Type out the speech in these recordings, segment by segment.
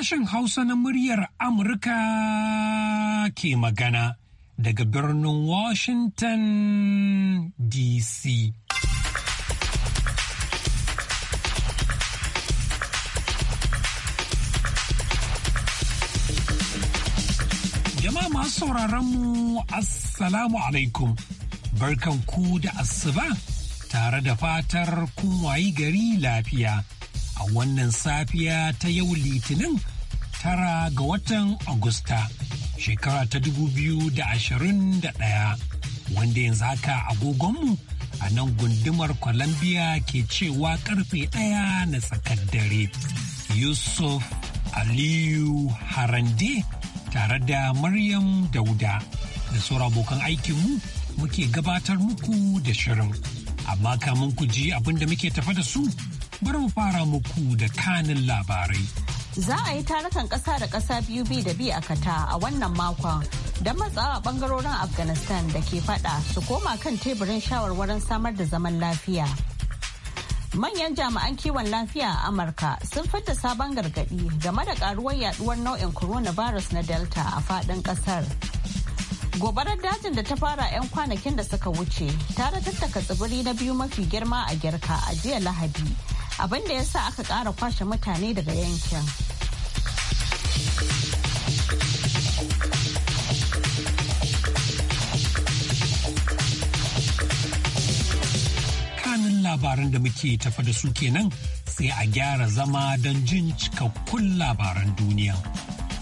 Sashen Hausa na muryar Amurka ke magana daga birnin Washington DC. Jama'a masu sauraron mu Assalamu alaikum, barkan ku da asuba tare da fatar kun wayi gari lafiya. a wannan safiya ta yau litinin tara ga watan Agusta shekara ta dubu biyu da da ashirin ɗaya, wanda yanzu haka agogonmu a nan gundumar Columbia ke cewa karfe ɗaya na tsakar dare. Yusuf Aliyu Harande tare da Maryam Dauda da sauran abokan aikinmu muke gabatar muku da shirin. Amma kamun ku ji abin da muke tafa da su bari mu fara muku da kanin labarai. za a yi tarukan ƙasa da ƙasa biyu bi da bi a kata a wannan makon don matsawa bangarorin afghanistan da ke fada su koma kan teburin shawarwarin samar da zaman lafiya manyan jami'an kiwon lafiya a amurka sun fidda sabon gargadi game da karuwar yaduwar nau'in coronavirus na delta a faɗin ƙasar. gobarar dajin da ta fara 'yan kwanakin da suka wuce ta tattaka tsibiri na biyu mafi girma a girka a jiya lahadi abinda ya sa aka ƙara kwashe mutane daga yankin Kanin labaran da muke tafa da su kenan sai a gyara zama don jin cikakkun labaran duniya.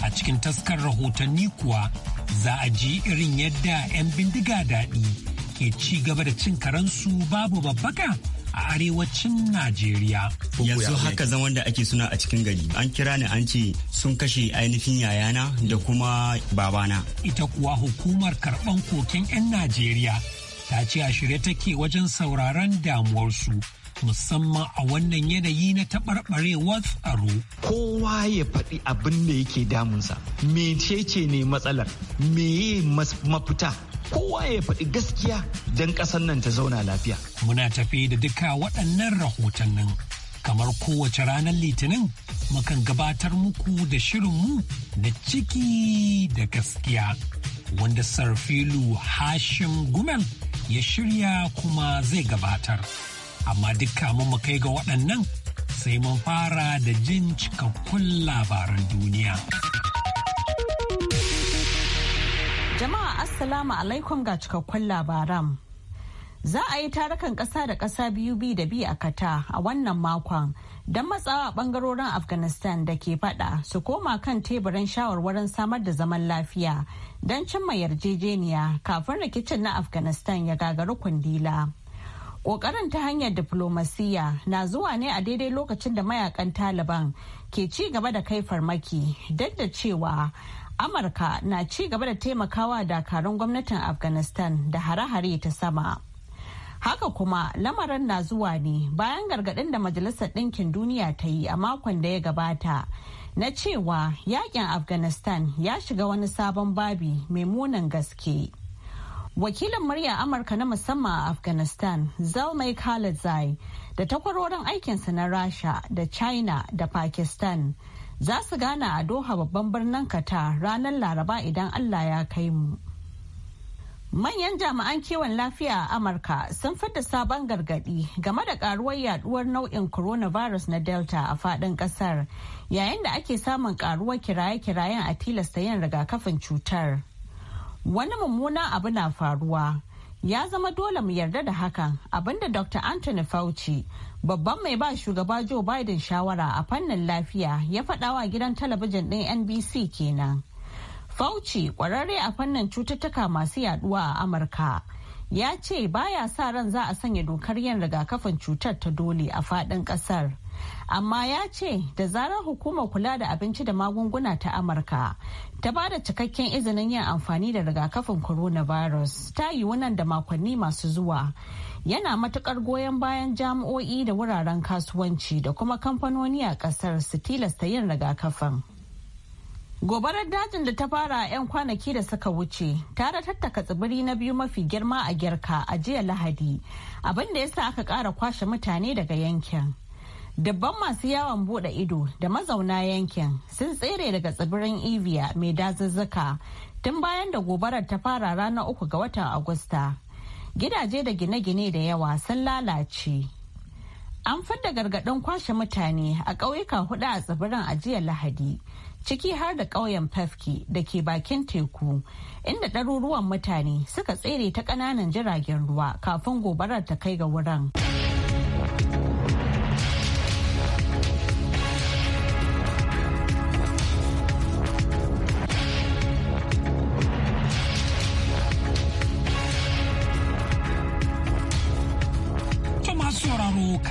A cikin taskar rahotanni kuwa za a ji irin yadda 'yan bindiga daɗi ke ci gaba da cin karansu babu babbaka a arewacin Najeriya. Yanzu haka zaman da ake suna a cikin gari. An kira ni an ce sun kashe ainihin yayana da kuma babana. Ita kuwa hukumar karɓan koken 'yan Najeriya ta ce a shirye take wajen sauraron damuwarsu musamman a wannan yanayi na taɓarɓarewar tsaro. Kowa ya faɗi abin da yake damunsa, mecece ne matsalar, meye mafita. Kowa ya faɗi gaskiya don ƙasar nan ta zauna lafiya. Muna tafi da duka waɗannan rahotannin. Kamar kowace ranar Litinin, mukan gabatar muku da shirinmu na ciki da gaskiya. Wanda Sarfilu Hashim Gumel ya shirya kuma zai gabatar. amma dukka mu kai ga waɗannan sai mun fara da jin cikakkun labaran duniya. Jama'a Assalamu alaikum ga cikakkun labaran. Za a yi tarukan ƙasa da ƙasa biyu bi da bi a kata a wannan makon don matsawa a ɓangarorin Afghanistan da ke fada su koma kan teburin shawarwarin samar da zaman lafiya don cimma yarjejeniya kafin rikicin na Afghanistan ya gagari kundila. Ƙoƙarin ta hanyar diflomasiyya na zuwa ne a daidai lokacin da mayakan Taliban ke ci gaba da kai farmaki duk da cewa Amurka na ci gaba da taimakawa dakarun gwamnatin Afghanistan da hare-hare ta sama. Haka kuma lamarin na zuwa ne bayan gargadin da Majalisar Ɗinkin Duniya ta yi a makon da ya gabata na cewa yakin Afghanistan ya shiga wani sabon babi mai munin gaske. wakilin murya amurka na musamman a afghanistan zalmai khalidzai da takwarorin aikinsa na rasha da china da pakistan za su gana a doha babban birnin kata ranar laraba idan allah ya kai mu manyan jami'an kiwon lafiya a amurka sun fidda sabon gargadi game da karuwar yaduwar nau'in coronavirus na delta a fadin kasar yayin da ake samun karuwar kiraye-kirayen a tilasta yin rigakafin cutar. wani mummuna abu na faruwa ya zama dole mu yarda da hakan abinda dr anthony fauci babban mai ba shugaba joe biden shawara a fannin lafiya ya faɗawa gidan talabijin ɗin nbc kenan fauci ƙwararre a fannin cututtuka masu yaduwa a amurka ya ce baya sa ran za a sanya dokar yin rigakafin cutar ta dole a faɗin ƙasar amma ya ce da zarar hukumar kula da abinci da magunguna ta amurka ta ba da cikakken izinin yin amfani da rigakafin coronavirus ta yi nan da makonni masu zuwa yana matukar goyon bayan jami'o'i da wuraren kasuwanci da kuma kamfanoni a kasar su tilasta yin rigakafin gobarar dajin da ta fara a 'yan kwanaki da suka wuce tare tattaka tsibiri na biyu mafi girma a girka a jiya lahadi abinda ya sa aka kara kwashe mutane daga yankin Dabban masu yawon bude ido da mazauna yankin sun tsere daga tsibirin Evia mai dazuzzuka tun bayan da gobarar ta fara rana uku ga watan Agusta. Gidaje da gine-gine da yawa sun lalace. An fadda gargaɗin kwashe mutane a ƙauyuka hudu a tsibirin a jiya Lahadi, ciki har da ƙauyen Fafki da ke bakin teku, inda ɗaruruwan mutane suka tsere ta ƙananan jiragen ruwa kafin gobarar ta kai ga wurin.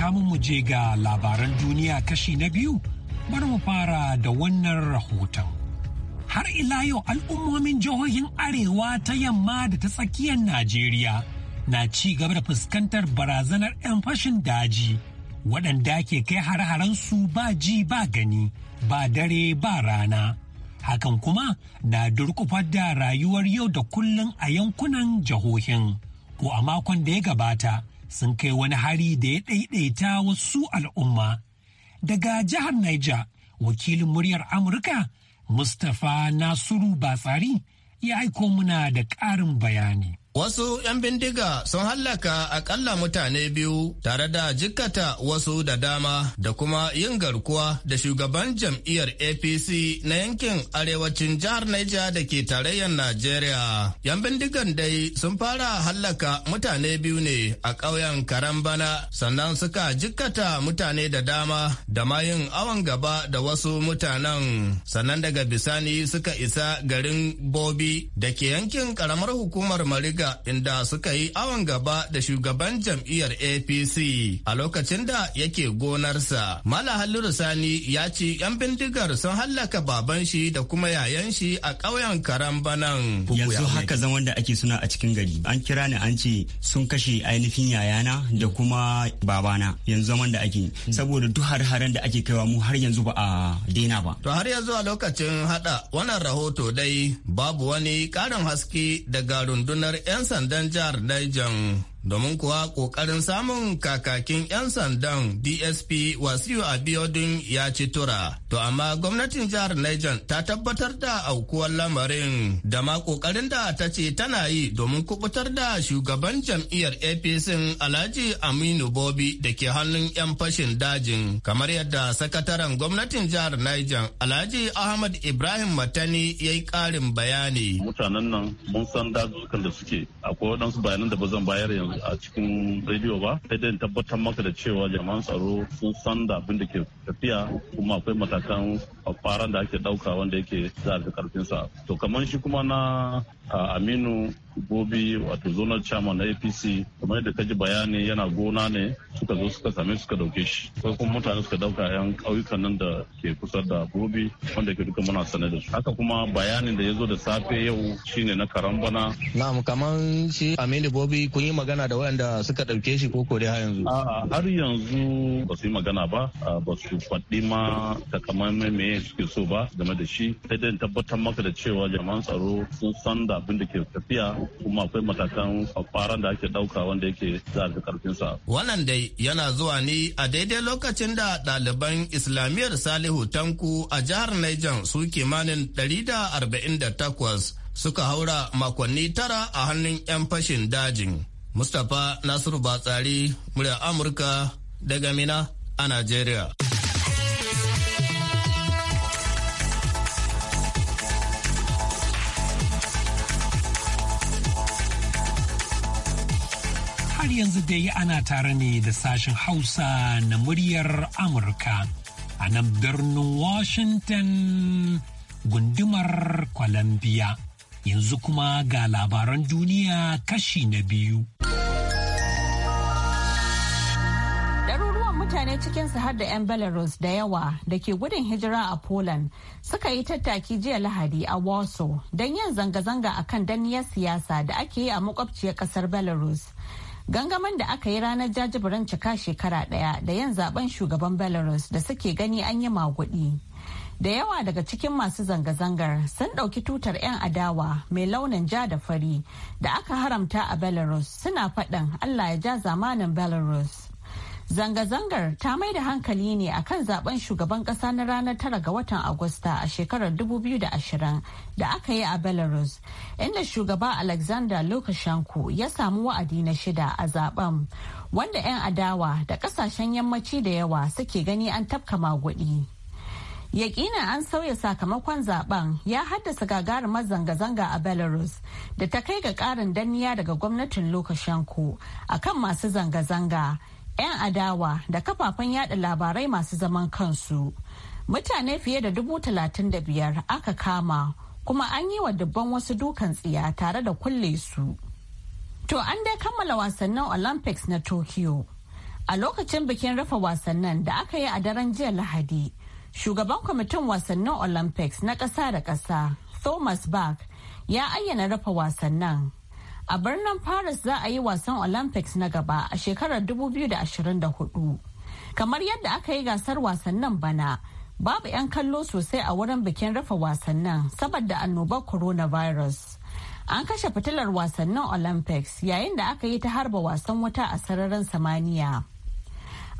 samu mu je ga labaran duniya kashi na biyu bari mu fara da wannan rahoton. Har ila yau al'ummomin jihohin Arewa ta yamma da ta tsakiyar Najeriya na ci gaba da fuskantar barazanar 'yan fashin daji waɗanda ke kai har-haransu ba ji ba gani ba dare ba rana. Hakan kuma na durkufar da rayuwar yau da kullum a yankunan jihohin. Ko a makon da ya gabata. sun kai wani hari da ya ɗaiɗaita wasu al'umma. Daga jihar Niger, wakilin muryar Amurka, Mustapha Nasiru Batsari ya aiko muna da ƙarin bayani. Wasu 'yan bindiga sun hallaka akalla mutane biyu tare da jikkata wasu da dama da kuma yin garkuwa da shugaban jam'iyyar APC na yankin arewacin jihar Niger da ke tarayyar Najeriya. 'Yan bindigan dai sun fara hallaka mutane biyu ne a ƙauyen Karambana sannan suka jikkata mutane da dama da ma yin awon gaba da wasu mutanen sannan daga bisani suka isa garin Bobi da ke yankin ƙaramar hukumar Mariga Bindiga inda suka yi awon gaba da shugaban jam'iyyar APC a lokacin da yake gonarsa. Mala Halliru Sani ya ce 'yan bindigar sun hallaka baban shi da kuma yayan shi a ƙauyen Karambanan. Yanzu haka zan wanda ake suna a cikin gari. An kira ni an ce sun kashe ainihin yayana da kuma babana yanzu zaman da ake hmm. saboda duk har-haren da ake kaiwa mu har yanzu ba a daina ba. To har yanzu a lokacin hada wannan rahoto dai babu wani ƙarin haske daga rundunar 'yan sandan jihar Niger domin kuwa ƙoƙarin samun kakakin 'yan sandan dsp wasiyu abiodun ya ci tura to amma gwamnatin jihar niger ta tabbatar da aukuwar lamarin da ma ƙoƙarin da ta ce tana yi domin kubutar da shugaban jam'iyyar apc alhaji aminu bobi da ke hannun 'yan fashin dajin kamar yadda sakataren gwamnatin jihar niger alhaji ahmad ibrahim matani ya yi ƙarin bayani mutanen nan mun san dazukan da suke akwai waɗansu bayanan da ba zan bayar yanzu a cikin rediyo ba sai dai tabbatar maka da cewa jama'an tsaro sun san da abin da ke tafiya kuma akwai matakan faran da ake dauka wanda yake za a karfin sa to kamar shi kuma na aminu bobi wato zonal chairman na apc kamar yadda ji bayani yana gona ne suka zo suka same suka dauke shi ko kuma mutane suka dauka yan ƙauyukan nan da ke kusa da bobi wanda ke duka muna sane da su haka kuma bayanin da ya zo da safe yau shine na karambana na'am kaman shi aminu bobi kun yi magana da wanda suka dauke shi ko dai har yanzu a'a har yanzu ba su yi magana ba ba su faɗi ma takamaiman me suke so ba game da shi sai dai tabbatar maka da cewa jama'an tsaro sun san da abin da ke tafiya kuma akwai matakan faran da ake dauka wanda yake za a karfin sa wannan dai yana zuwa ne a daidai lokacin da ɗaliban Islamiyar salihu tanku a jihar Niger su kimanin 148 suka haura makonni tara a hannun 'yan fashin dajin mustapha nasiru batsari murya amurka daga mina a Najeriya. har yanzu dai ana tare ne da sashen Hausa na muryar Amurka a nan birnin Washington gundumar Columbia. Yanzu kuma ga labaran duniya kashi na biyu. Ɗaruruwan mutane cikin har da 'yan Belarus da yawa da ke gudun hijira a Poland suka yi tattaki jiya Lahadi a Warsaw don yin zanga-zanga a kan danniyar siyasa da ake yi a makwabciyar kasar Belarus. gangamin da aka yi ranar jajibirin cika shekara daya da yan zaben shugaban belarus da suke gani an yi magudi da yawa daga cikin masu zanga-zangar sun ɗauki tutar 'yan adawa mai launin ja da fari da aka haramta a belarus suna faɗin allah ya ja zamanin belarus Zanga-zangar ta mai da hankali ne a kan zaben shugaban kasa na ranar tara ga watan Agusta a shekarar 2020 da aka yi a Belarus, inda shugaba Alexander Lukashenko ya samu wa'adi na shida a zaben, wanda 'yan adawa da kasashen yammaci da yawa suke gani an tafka magudi. Yaƙina an sauya sakamakon zaben ya haddasa gagarumar zanga-zanga a Belarus da ta kai ga ƙarin danniya daga gwamnatin Lukashenko kan masu zanga-zanga. 'yan adawa da kafafen yada labarai masu zaman kansu mutane fiye da dubu talatin da biyar aka kama kuma an yi wa dubban wasu dukan tsiya tare da kulle su to an dai kammala wasannin olympics na tokyo a lokacin bikin rufe wasannin da aka yi a daren jiya lahadi shugaban kwamitin wasannin olympics na ƙasa da ƙasa thomas bach ya ayyana rufe wasannin A birnin Paris za a yi wasan Olympics na gaba a shekarar 2024. Kamar yadda aka yi gasar wasannin bana, babu 'yan kallo sosai a wurin bikin rufe wasannin saboda annobar coronavirus. An kashe fitilar wasannin Olympics yayin da aka yi ta harba wasan wuta a sararin samaniya.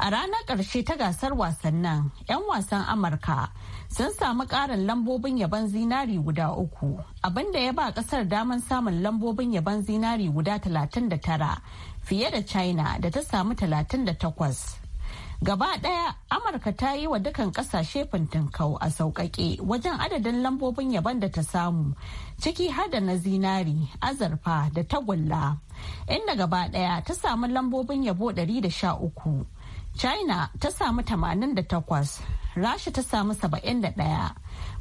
A ranar ƙarshe ta gasar wasannin, 'yan wasan Amurka sun samu ƙarin lambobin yaban zinari guda uku, abinda ya ba ƙasar damar samun lambobin yaban zinari guda 39 fiye da China da ta samu 38. Gaba ɗaya Amurka ta yi wa dukan ƙasashe fintinkau a sauƙaƙe wajen adadin lambobin yaban da ta samu, ciki har da na zinari, azurfa da tagulla, inda gaba ɗaya ta samu lambobin yabo 113. China ta samu 88, Rasha ta samu 71,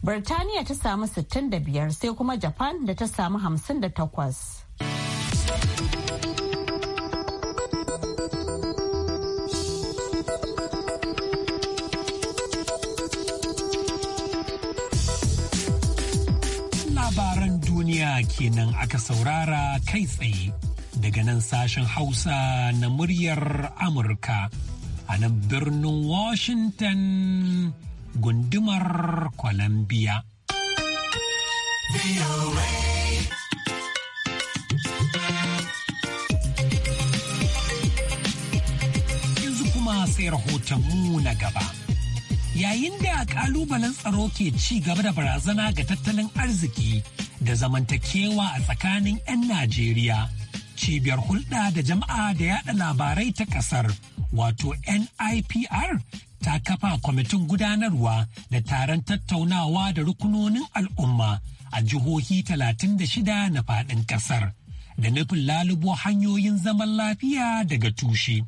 Birtaniya ta samu 65 sai kuma Japan da ta samu 58. Labaran duniya kenan aka saurara kai tsaye daga nan sashen Hausa na muryar Amurka. a nan birnin Washington gundumar Columbia. Yanzu kuma sai mu na gaba. Yayin da kalubalen tsaro ke ci gaba da barazana ga tattalin arziki da zamantakewa a tsakanin 'yan Najeriya. cibiyar hulɗa da jama'a da yada labarai ta ƙasar wato nipr ta kafa kwamitin gudanarwa da taron tattaunawa da rukunonin al'umma a jihohi 36 na faɗin ƙasar da nufin lalubo hanyoyin zaman lafiya daga tushe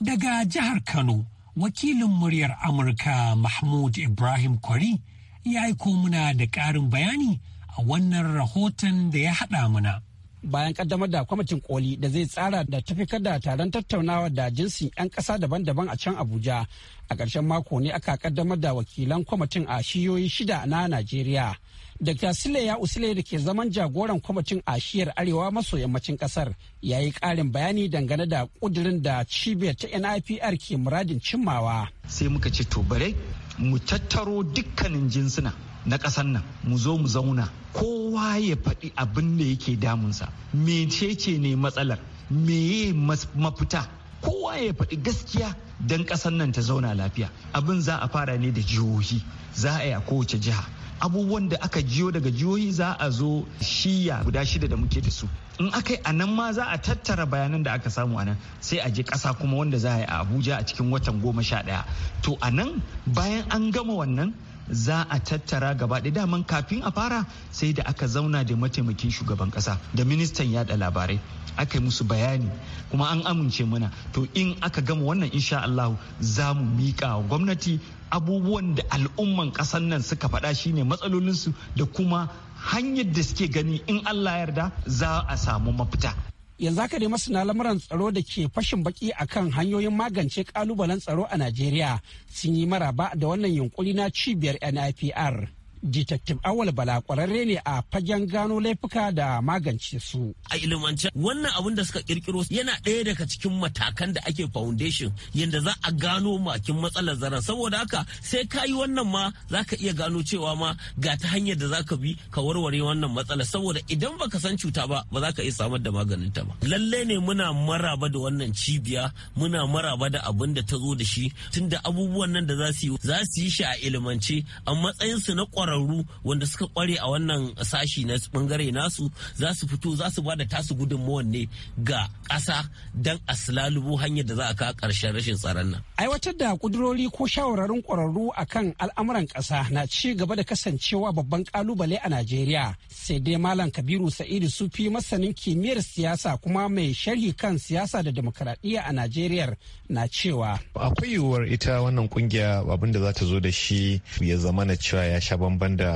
daga jihar kano wakilin muryar amurka mahmud ibrahim kwari ya aiko muna da ƙarin bayani a wannan rahoton da ya haɗa muna. bayan kaddamar da kwamitin koli da zai tsara da tafikar da taron tattaunawa da jinsin 'yan kasa daban-daban a can abuja a ƙarshen mako ne aka kaddamar da wakilan kwamitin a shiyoyi shida na najeriya Dr. Sile ya usile da ke zaman jagoran kwamitin ashiyar arewa maso yammacin kasar ya yi ƙarin bayani dangane da ƙudurin da cibiyar ta NIPR ke muradin cimmawa. Sai muka ce to bare mu tattaro dukkanin jinsuna na ƙasar nan mu zo mu zauna kowa ya faɗi abin da yake damunsa mecece ne matsalar meye mafita kowa ya faɗi gaskiya don ƙasar nan ta zauna lafiya abin za a fara ne da jihohi za a yi a kowace jiha abubuwan da aka jiyo daga jihohi za a zo shiya guda shida da muke da su in aka yi a nan ma za a tattara bayanan da aka samu a nan sai a je ƙasa kuma wanda za a yi a abuja a cikin watan goma sha ɗaya to a nan bayan an gama wannan za a tattara gaba ɗaya daman kafin a fara sai da aka zauna da mataimakin shugaban kasa da ministan yada labarai aka yi musu bayani kuma an amince mana to in aka gama wannan insha Allah za mu miƙa gwamnati abubuwan da al'umman ƙasar nan suka faɗa shine matsalolinsu da kuma hanyar da suke gani in Allah yarda za a samu mafita yanzu haka ne masana lamuran tsaro da ke fashin baki akan hanyoyin magance kalubalen tsaro a najeriya sun yi maraba da wannan yunkuri na cibiyar nipr Detective Awal Bala kwararre ne a fagen gano laifuka da magance su. A ilimance wannan abin da suka kirkiro yana ɗaya daga cikin matakan da ake foundation yadda za a gano makin matsalar zaren saboda haka sai ka yi wannan ma za ka iya gano cewa ma ga ta hanyar da za ka bi ka warware wannan matsalar saboda idan baka san cuta ba ba za ka iya samar da maganin ta ba. Lalle ne muna maraba da wannan cibiya muna maraba da abin da ta zo da shi tunda abubuwan nan da za su yi za su yi shi a ilimance a matsayinsu na ƙwararru kwararru wanda suka kware a wannan sashi na bangare nasu za su fito za su bada tasu gudunmawar ne ga ƙasa don a silalubo hanyar da za a kawo ƙarshen rashin tsaron nan. Aiwatar da ƙudurori ko shawararin ƙwararru akan al'amuran ƙasa na ci gaba da kasancewa babban ƙalubale a Najeriya. Sai dai Malam Kabiru Sa'idu Sufi masanin kimiyyar siyasa kuma mai sharhi kan siyasa da demokaradiyya a Najeriya na cewa. Akwai yiwuwar ita wannan kungiya abin da za ta zo da shi ya zama na cewa ya sha bambam daban da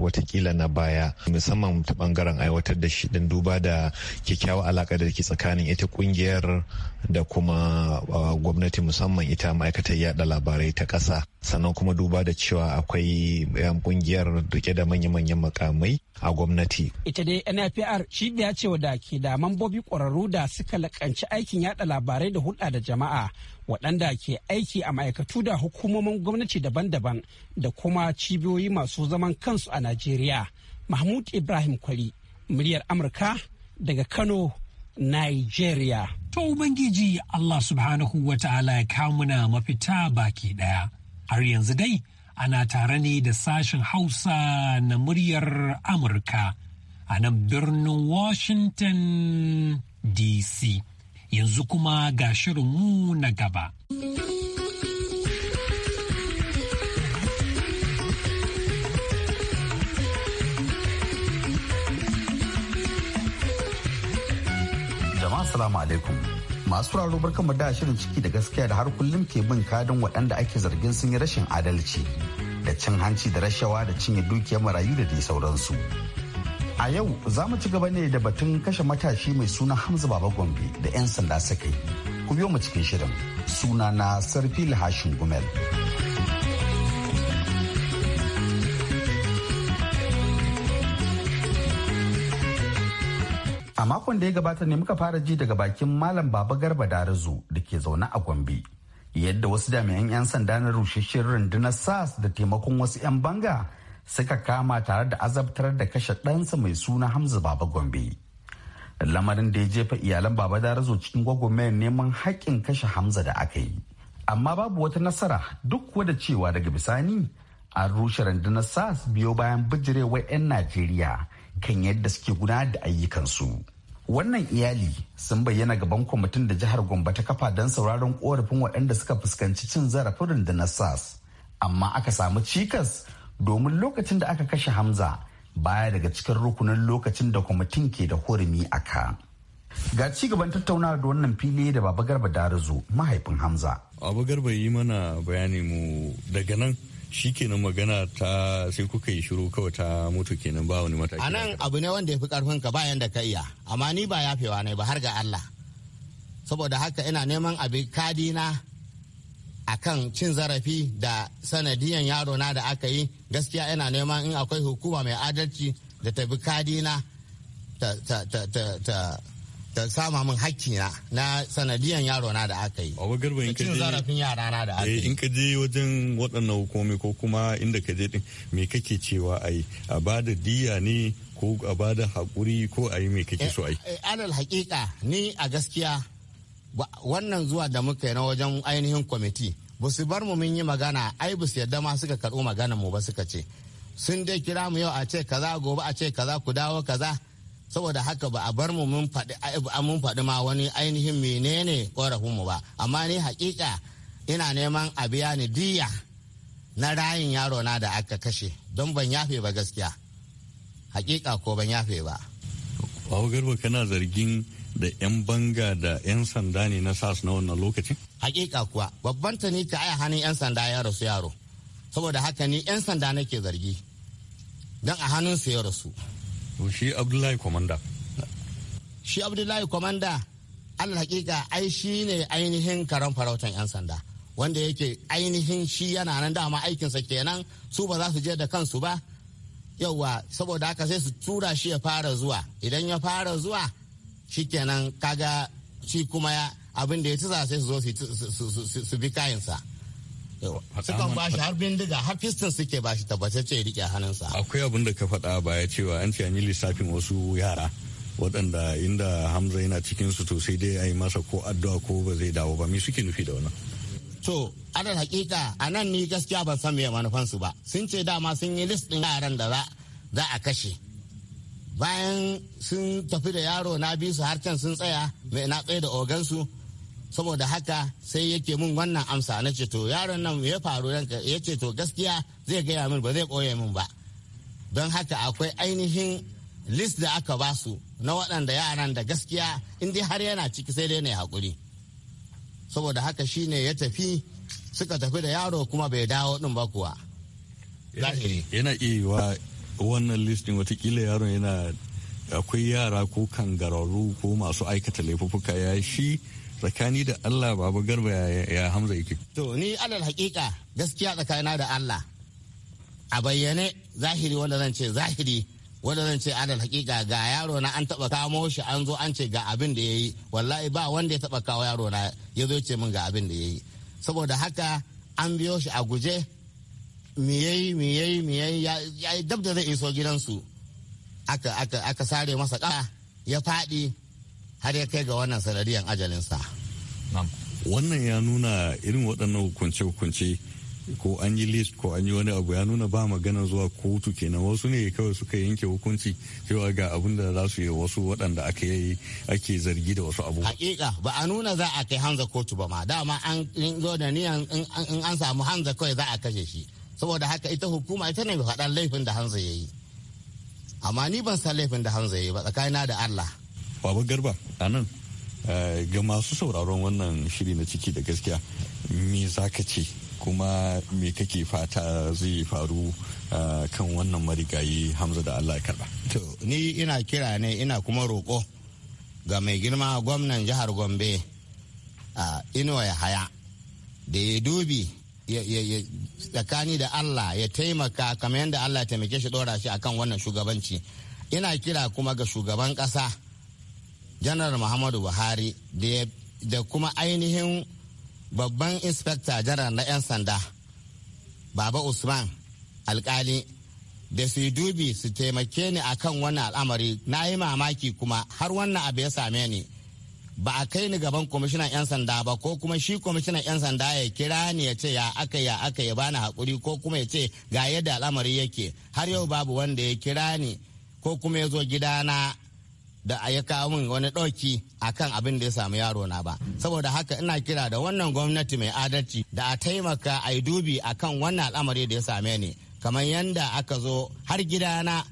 watakila na baya musamman ta bangaren aiwatar da shi din duba da kyakkyawa alaka da ke tsakanin ita kungiyar da kuma gwamnati musamman ita ma'aikatar yada labarai ta ƙasa sannan kuma duba da cewa akwai kungiyar rike da manya-manyan makamai a gwamnati. Ita dai NFR cibiya ce wadda ke da mambobi ƙwararru da suka lakanci aikin yaɗa labarai da hulɗa da jama'a waɗanda ke aiki a ma'aikatu da hukumomin gwamnati daban-daban da kuma cibiyoyi masu zaman kansu a Najeriya. Mahmud Ibrahim Kwari, muryar Amurka daga Kano, Nigeria. To Ubangiji Allah subhanahu wa ta'ala ya kawo mafita baki ɗaya. Har yanzu dai ana tare ne da sashen Hausa na muryar Amurka a nan birnin Washington DC. Yanzu kuma ga shirinmu na gaba. Jama'a salamu alaikum. masu raro barkanmu da shirin ciki da gaskiya da har kullum ke bin kadin waɗanda ake zargin sun yi rashin adalci da cin hanci da rashawa da cinye dukiyar marayu da dai sauransu a yau za mu ci gaba ne da batun kashe matashi mai suna hamza baba gombe da 'yan sanda suka yi ku biyo mu cikin shirin suna na sarfi hashin gumel. makon da ya gabata ne muka fara ji daga bakin malam baba garba darazu da ke zaune a gombe yadda wasu jami'an 'yan sanda na rushasshen rundunar sas da taimakon wasu 'yan banga suka kama tare da azabtar da kashe ɗansa mai suna hamza baba gombe lamarin da ya jefa iyalan baba darazu cikin gwagwarmayar neman haƙƙin kashe hamza da aka yi amma babu wata nasara duk wada cewa daga bisani an rushe rundunar sas biyo bayan bijirewar 'yan najeriya kan yadda suke gudanar da ayyukansu. wannan iyali sun bayyana gaban kwamitin da jihar gombe ta kafa don sauraron korafin waɗanda suka fuskanci cin zarafin rundunar sas amma aka samu cikas domin lokacin da aka kashe hamza baya daga cikin rukunin lokacin da kwamitin ke da hurumi a ka ga ci gaban tattaunawa da wannan fili da baba garba darazo mahaifin hamza abu garba yi mana bayani mu daga nan shi kenan magana ta sai kuka yi shiru kawai ta mutu kenan ba wani mataki a abu ne wanda ya fi karfin ka bayan da ka iya amma ni ba yafewa ne ba har ga Allah saboda haka ina neman abi kadina a kan cin zarafi da sanadiyan yaro na da aka yi gaskiya ina neman in akwai hukuma mai adalci da ta bi kadina ta da sama min hakkina na sanadiyan yaro na da aka yi. Abu garba in ka je zarafin yara na da aka eh, yi. In ka je wajen waɗannan hukumomi ko kuma inda ka je din me kake cewa a yi a ba da diya ne ko a ba da haƙuri ko a yi me kake so a yi. Eh, eh, alal haƙiƙa ni a gaskiya wannan zuwa da muka yi na wajen ainihin kwamiti ba su bar mu mun yi magana ai ba su yadda ma suka karɓo magana mu ba suka ce sun dai kira mu yau a ce kaza gobe a ce kaza ku dawo kaza saboda haka ba a bar mu mun faɗi mun faɗi ma wani ainihin menene korafin mu ba amma ni hakika ina neman a biya ni diya na rayin yaro na da aka kashe don ban yafe ba gaskiya hakika ko ban yafe ba Bawo Garba kana zargin da 'yan banga da 'yan sanda ne na sas na wannan lokacin? Hakika kuwa babban ta ni ka aya hannun 'yan sanda ya rasu yaro. Saboda haka ni 'yan sanda nake zargi don a hannun su ya rasu. shi abdullahi komanda shi abdullahi komanda allah hakika ai shi ne ainihin karan farautan 'yan sanda wanda yake ainihin shi yana nan dama aikinsa kenan su ba za su je da kansu ba yauwa saboda haka sai su tura shi ya fara zuwa idan ya fara zuwa shi kenan kaga shi kuma abin da ya tuza sai su zo su bi kayansa sukan ba shi har bindiga har fistin suke ba shi tabbatacce ya rike hannunsa akwai abin da ka faɗa baya cewa an ce an yi lissafin wasu yara waɗanda inda hamza yana cikin su to sai dai a yi masa ko addu'a ko ba zai dawo ba me suke nufi da wannan to adal hakika a nan ni gaskiya ban san me manufansu ba sun ce dama sun yi list ɗin yaran da za a kashe bayan sun tafi da yaro na bisu harcen sun tsaya mai na tsaye da ogansu saboda haka sai yake mun wannan amsa na ceto yaron nan ya faru ya ce to gaskiya zai gaya min ba zai koya min ba don haka akwai ainihin list da aka ba su na waɗanda yaran da gaskiya in dai har yana ciki sai dai ne hakuri saboda haka shine ya tafi suka tafi da yaro kuma bai dawo ɗin ba kuwa yana iya wannan listin watakila yaron yana akwai yara ko kangararru ko masu aikata laifuka ya shi tsakani da Allah Babu garba ya hamza yake. To ni alal hakika gaskiya tsakanina da Allah a bayyane zahiri wanda zan ce zahiri wanda zan ce alal hakika ga yaro na an taba kamo shi an zo an ce ga abin da yayi wallahi ba wanda ya taba kawo yaro na ya zo ce min ga abin da yayi saboda haka an biyo shi a guje me yayi me yayi me yayi ya dab da zai iso gidansu aka aka aka sare masa ka ya faɗi har ya kai ga wannan sanadiyan ajalinsa. Wannan ya nuna irin waɗannan hukunce-hukunce ko an yi list ko an yi wani abu ya nuna ba magana zuwa kotu kenan wasu ne kawai suka yanke hukunci cewa ga abin da za su yi wasu waɗanda ake zargi da wasu abu. Hakika ba a nuna za a kai hanza kotu ba ma dama an zo da niyan in an samu hanza kawai za a kashe shi saboda haka ita hukuma ita ne faɗan laifin da hanza ya yi amma ni ban san laifin da hanza ya yi ba tsakanina da Allah. Baba Garba. Anan. Eh, ga masu sauraron wannan shiri na ciki da gaskiya me za ka ce kuma me kake fata zai faru eh, kan wannan marigayi Hamza da Allah ya karba. To ni ina kira ne ina kuma roƙo ga mai girma gwamnan jihar Gombe a Inuwa haya da ya dubi tsakani da Allah ya taimaka kamar yadda Allah ya taimake shi ɗora shi akan wannan shugabanci ina kira kuma ga shugaban ƙasa janar muhammadu buhari da kuma ainihin babban inspector janar na 'yan sanda baba usman alkali da su dubi su taimake ni a kan wannan al'amari na yi mamaki kuma har wannan abu ya same ni ba a kai ni gaban kwamishinan 'yan sanda ba ko kuma shi kwamishinan 'yan sanda ya kira ni ya ce ya aka ya aka ya bani haƙuri ko kuma ya ce ga yadda al'amari yake har yau babu wanda ya kira ni ko kuma ya zo gidana da ya kawo min wani ɗauki a kan abin da ya samu yaro na ba saboda haka ina kira da wannan gwamnati mai adalci da a taimaka a yi dubi a kan wannan al'amari da ya same ni kamar yadda aka zo har gidana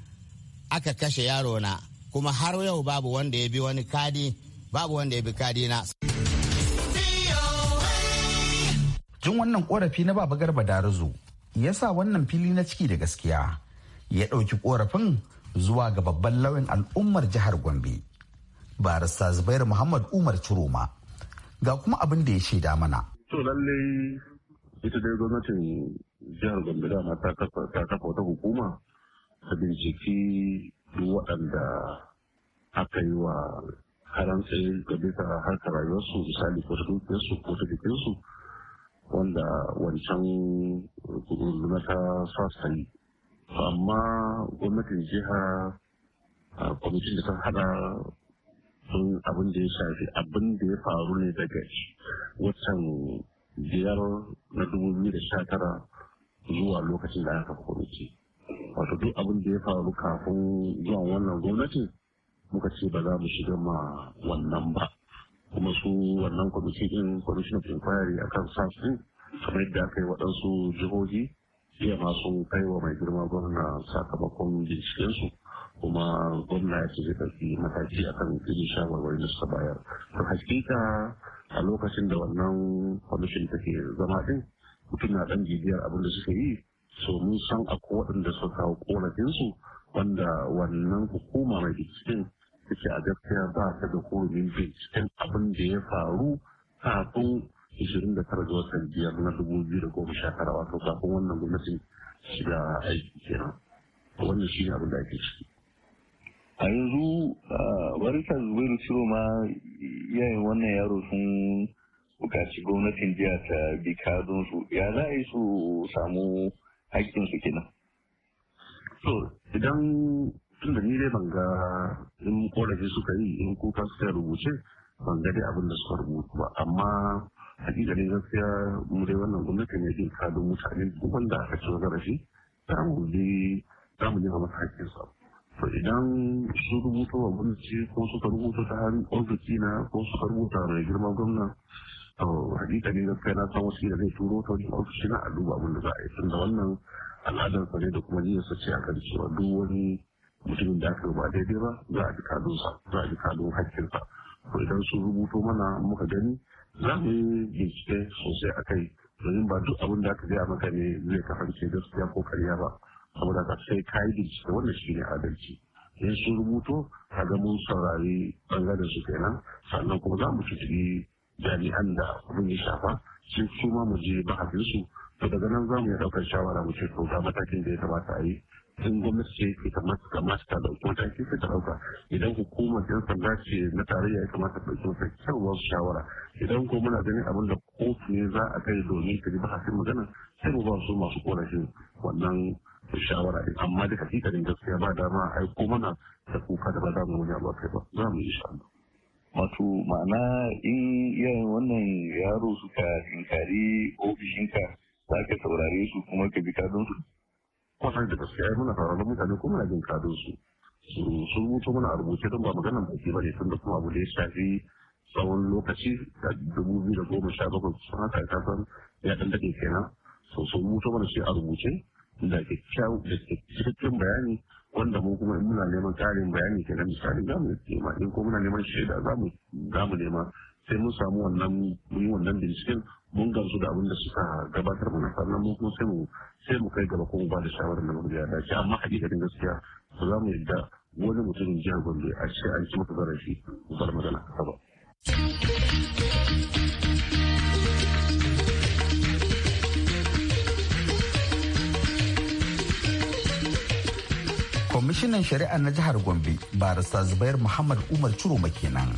aka kashe yaro na kuma har yau babu wanda ya bi wani kadi babu wanda ya bi kadi na jin wannan korafi na baba garba daruzu ya sa wannan fili na ciki da gaskiya ya ɗauki korafin zuwa ga babban lauyan al'ummar jihar Gombe. Barista Zubairu Muhammad Umar Ciroma. Ga kuma abin da ya shaida mana. To lallai ita dai gwamnatin jihar Gombe dama ta kafa wata hukuma ta binciki waɗanda aka yi wa karan tsaye ga bisa harkar rayuwarsu misali ko ta dukiyarsu ko ta jikinsu wanda wancan rundunar ta sa amma gwamnatin jiha a kwamitin da ta hada sun abin da ya shafi abin da ya faru ne daga watan biyar na dubu biyu da sha tara zuwa lokacin da aka kwamiti wato duk abin da ya faru kafin zuwa wannan gwamnatin muka ce ba za mu shiga ma wannan ba kuma su wannan kwamiti din kwamishin of inquiry akan sassu kamar yadda aka yi waɗansu jihohi jiya masu kai wa mai girma gwamna sakamakon bincikensu kuma gwamna ya ce zai ɗauki mataki a kan irin shawarwari da suka bayar to hakika a lokacin da wannan kwamishin take zama ɗin mutum na ɗan jijiyar abin da suka yi so mun san akwai waɗanda suka kawo ƙorafinsu wanda wannan hukuma mai binciken take a gaskiya ba ta da hurumin binciken abin da ya faru kafin 29 ga watan biyar na 2019 wato kafin wannan gwamnatin shiga aiki kenan wannan shi ne abin da ake ciki a yanzu barista zubairu ciro ma yayin wannan yaro sun bukaci gwamnatin jiya ta bi su ya za a yi su samu haƙƙinsu kenan so idan tun da ni dai ban ga in korafi suka yi in kuka suka rubuce ban ga dai abin da suka rubuta ba amma hakikanin gaskiya mu dai wannan gwamnati ne ke kadin mutane duk wanda aka ci zarafi za mu je, za mu ji masa sa to idan su rubuta wa gwamnati ko suka rubuta ta hannun ofisi na ko suka rubuta mai girma gwamna to hakikanin gaskiya na san wasu da zai turo ta wajen ofisi na a duba abin da za a yi tunda wannan al'adar sa ne da kuma niyyar sa ce a kan cewa duk wani mutumin da aka ba daidai ba za a ji kadunsa za a ji kadun sa to idan sun rubuto mana muka gani za mu yi bincike sosai a kai domin ba duk abin da aka gaya maka ne zai kasance gaskiya ko karya ba saboda ka sai ka yi bincike wannan shi ne adalci in su rubuto ga mun saurari bangare su kenan sannan kuma za mu tuturi jami'an da abin ya shafa sai su ma mu je bahafinsu to daga nan za mu yi ɗaukar shawara mu ce to ga matakin da ya kamata a yi sun gwamnati ce kamata ta ɗauki mataki ta ɗauka idan hukumar yan sanda ce na tarayya ya kamata ta ɗauki mataki wasu shawara idan ko muna ganin abin da kotu ne za a kai domin ta ji bahasin magana sai mu ba su masu korafin wannan shawara din amma duka hikarin gaskiya ba dama a ko mana ta kuka da ba za mu wani abu kai ba za mu yi shanu wato ma'ana in iyayen wannan yaro suka tinkari ofishinka za ka saurare su kuma ka bi don su kwanar da gaske yi muna sauraron mutane ko na jin kadin su sun mutu muna rubuce don ba maganan baki ba ne tun da kuma abu da ya shafi tsawon lokaci a dubu biyu da goma sha bakwai sun haka ta san ya dan dade kenan so sun mutu mana shi a rubuce da kyakkyawan bayani wanda mu kuma muna neman ƙarin bayani kenan misali za mu nema in ko muna neman shaida za mu nema sai mun samu wannan mun yi wannan binciken mun gamsu da abin da suka gabatar mana sannan mun kuma sai mu sai mu kai gaba ko mu ba da shawarar da muka dace amma hakikatin gaskiya ba za mu yadda wani mutumin jihar Gombe a ce an ci masa zarafi bar magana kasa ba. Kwamishinan Shari'a na Jihar Gombe, Barista Zubair Muhammad Umar Ciro kenan.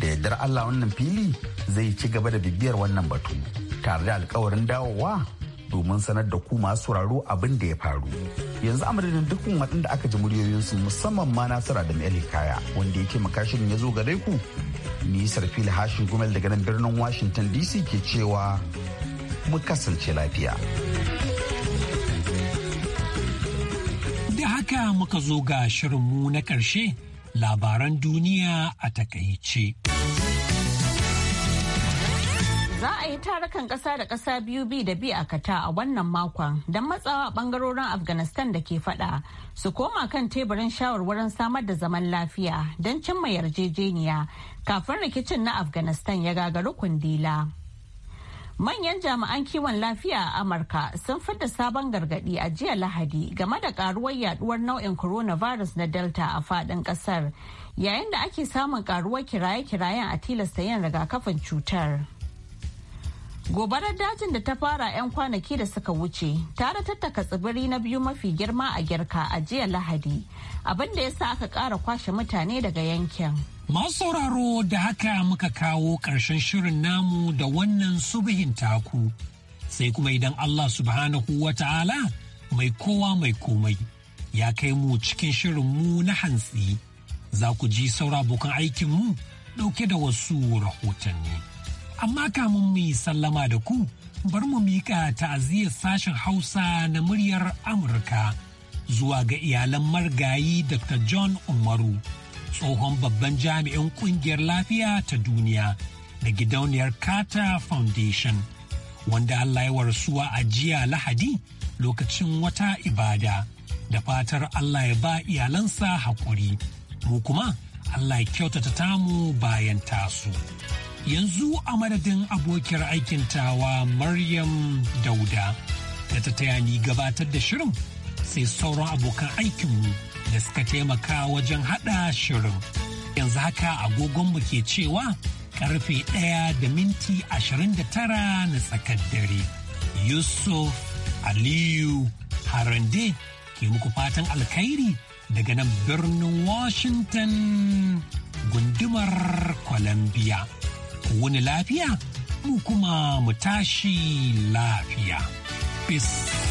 da yardar Allah wannan fili zai ci gaba da bibiyar wannan batu tare da alkawarin dawowa domin sanar da ku masu sauraro abin da ya faru. Yanzu amadadin dukkan waɗanda aka ji muryoyinsu musamman ma Nasara da Mai Kaya wanda yake taimaka shirin ya zo gare ku. Ni Sarfil Hashin Gumel daga nan birnin Washington DC ke cewa mu kasance lafiya. Da haka muka zo ga shirinmu na ƙarshe. labaran duniya a takaice. Za a yi tarukan ƙasa da ƙasa biyu bi da bi a kata a wannan makon don matsawa ɓangarorin Afghanistan da ke fada su koma kan teburin shawarwarin samar da zaman lafiya don cimma yarjejeniya kafin rikicin na Afghanistan ya gagaru kundila. Manyan jami'an kiwon lafiya a Amurka sun fidda sabon gargadi a jiya Lahadi game da karuwar yaduwar nau'in coronavirus na Delta a fadin kasar yayin da ake samun karuwar kiraye-kirayen a tilasta yin rigakafin cutar. gobarar dajin da ta fara 'yan kwanaki da suka wuce ta tattaka tsibiri na biyu mafi girma a girka a jiya lahadi abinda ya sa aka ƙara kwashe mutane daga yankin masu sauraro da haka muka kawo ƙarshen shirin namu da wannan subihin taku sai kuma idan allah subhanahu wa ta'ala mai kowa mai komai ya kai mu cikin shirin mu na hantsi za ku ji saura aikin aikinmu ɗauke da wasu rahotanni. Amma kamun mu yi sallama da ku, bar mu miƙa ta'aziyar sashen Hausa na muryar Amurka zuwa ga iyalan margayi Dr. John Umaru, tsohon babban jami'in ƙungiyar lafiya ta duniya da gidauniyar Carter Foundation, wanda Allah ya warsuwa a jiya Lahadi lokacin wata ibada, da fatar Allah ya ba iyalansa haƙuri, mu kuma Allah ya kyautata tamu bayan tasu. yanzu a madadin abokiyar aikin tawa Maryam Dauda da ta taya ni gabatar da shirin sai sauran abokan aikinmu da suka taimaka wajen haɗa shirin. Yanzu haka agogonmu ke cewa karfe ɗaya da minti ashirin da tara na tsakar dare. Yusuf Aliyu Harande ke muku fatan alkhairi daga nan birnin Washington gundumar Columbia. ku wuni lafiya mu kuma mu tashi lafiya. Peace.